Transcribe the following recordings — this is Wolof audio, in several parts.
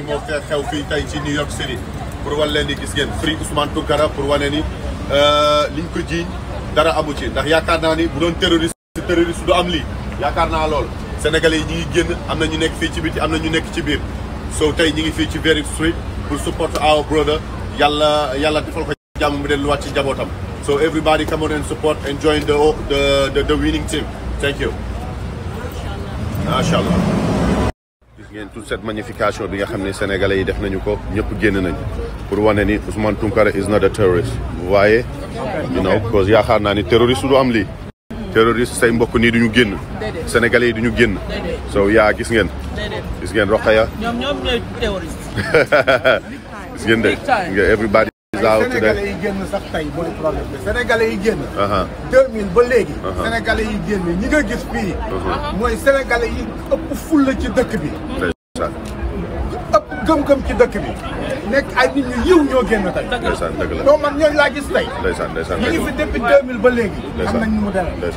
ni moo fee xew fii tey ci New York City pour wan leen ni gis ngeen Free Ousmane gara pour wane ni li euh, liñ ko jiiñ dara amu ci ndax yaakaar naa ni bu doon terroriste terroriste du am lii yaakaar naa lool sénégal yi ñi génn am na ñu nekk fii ci yi am na ñu nekk ci biir so tey ñi ngi fii ci Very Street pour support our brother yàlla yàlla defal ko jàmm mu delluwaat ci njabootam so everybody come on and support and join the the the winning team thank you macha allah ngeen toute cette magnification bi nga xam ne sénégalais yi def nañu ko ñëpp génn nañu pour wane ni Ousmane Tounkara is not a terrorist waaye you know cause yaakaar naa ni terroriste du am lii terroriste say mbokk nii duñu génn sénégalais yi duñu génn so yaa gis ngeen gis ngeen Rokhaya ñoom gis ngeen de gaaw tuddee yi génn sax tey mooy problème bi sénégalais yi génn. 2000 ba léegi. sénégalais yi génn ñi nga gis fii. mooy senegal yi ëpp fulla ci dëkk bi. ëpp gëm ci dëkk bi. nekk ay nit ñu yiw ñoo génn tey. ndeysaan dëgg la donc man ñooñu laa gis tey. ndeysaan ndeysaan ñu ngi ba léegi. ndeysaan am nañ ñu mu demee.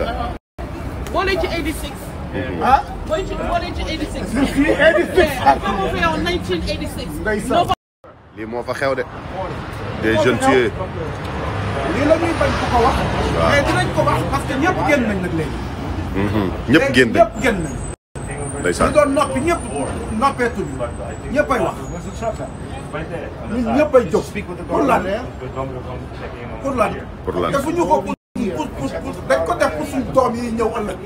Mhm. Ah? lii moo xew de. des jeunes tués. lii la ñuy bañ ku ko wax. waaw mais dinañ ko wax parce que ñëpp génn nañ nag léegi. Mhm. ñëpp génn nañ ñëpp génn nañ. ndeysaan ñu doon noppi ñëpp noppeetu bi ñëppay wax. ñun ñëppay jóg pour lan. pour lan pour lan defuñu ko pour dañ ko def pour suñ doom yi ñëw ëllëg.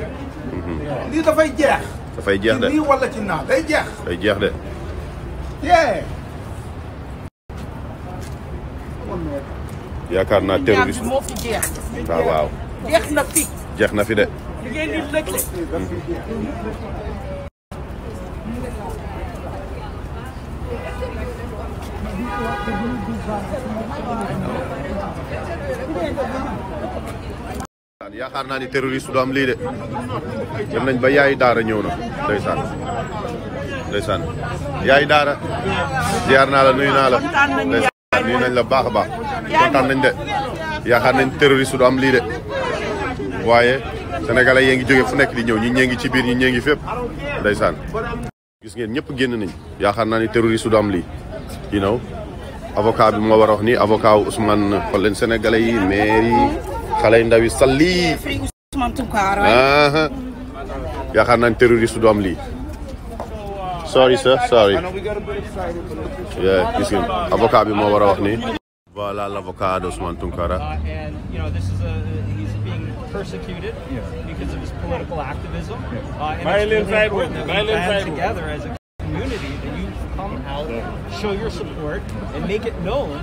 Mhm. lii dafay jeex. dafay jeex de lii wala ci naa day jeex. day jeex de. yaakaar naa terroriste ah, jeex. na fi. de. li ngeen yaakaar naa ni terroriste du am lii de dem nañ ba yaay daara ñëw na ndeysaan ndeysaan yaay daara ziar naa la nuyu naa la ni nañ la baax a baax kontaan nañ de yaakaar nañ terroriste du am lii de waaye sénégalais yee ngi jóge fu nekk di ñëw ñi ñee ngi ci biir ñi ñee ngi fépp ndeysaan gis ngeen ñëpp génn nañ yaakaar naa ni terroriste du am lii you know avocat bi moo war a wax nii avocat wu Ousmane xool leen sénégalais yi maire yi xale ndaw yi salli ah, ah. yaakaar naa nañ terroriste du am lii sorry sir sorry yeah gis ngeen avocat bi moo war uh, a wax nii voilà l' avocat de Ousmane Tounkara persecuted because of his political activism. Uh, together as a community that you come out, and make it known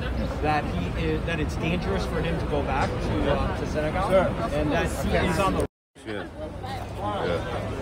that it's dangerous for him to go back to uh, Senegal, and that he is on the. Yeah.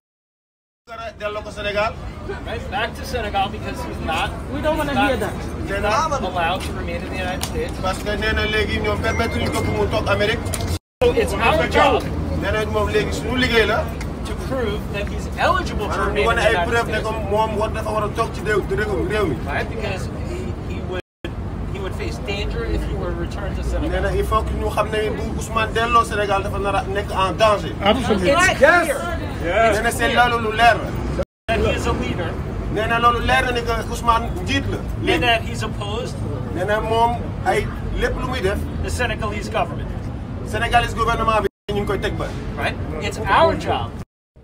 delloo ko Sénégal. Right back to Senegal because he's not. We don't want to hear that. He's not allowed to remain in the United States. parce que nee na léegi ñoom permettre ñu ko pour mu toog Amérique. so it's our job. nee na moom léegi suñu liggéey la. to prove that he's eligible to remain in the United States. maanaam ay preuve ne ko moom war dafa war a toog ci réew réew mi. right because he he would he would face danger if he were returned to Senegal. nee na il faut que ñu xam ne bu Ousmane delloo Sénégal dafa nar a nekk en danger. absolument. it's clear. yes. nee na c'est loolu lu leer. nee na loolu leer na ni que Ousmane njiit la. nee na he's opposed. nee na moom ay lépp lu muy def. the Senegalese government. Senegalese gouvernement bi. ñu ngi koy teg ba. right it's our job.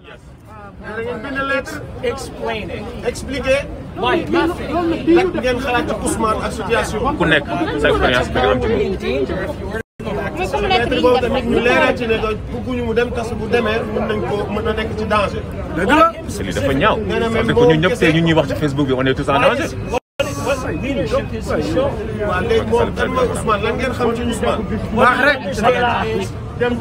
yes. Ah, da ngeen bind lettre. explain it. expliquer. why nothing. lan ngeen xalaat ci Ousmane ak situation. ku nekk sa expérience bi nga am ci moom. mbir boobu tamit ñu leeral ci ne mu dem tas bu demee mën nañ ko mën na nekk ci danger. dëgg la parce que dafa ñaaw. parce que ñun ñëpp ñu ñuy wax ci Facebook bi on est tous en danger. waaw léegi moom kan mooy Ousmane lan ngeen xam ci Ousmane. wax rek dem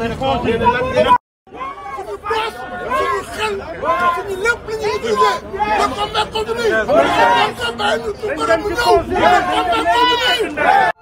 nee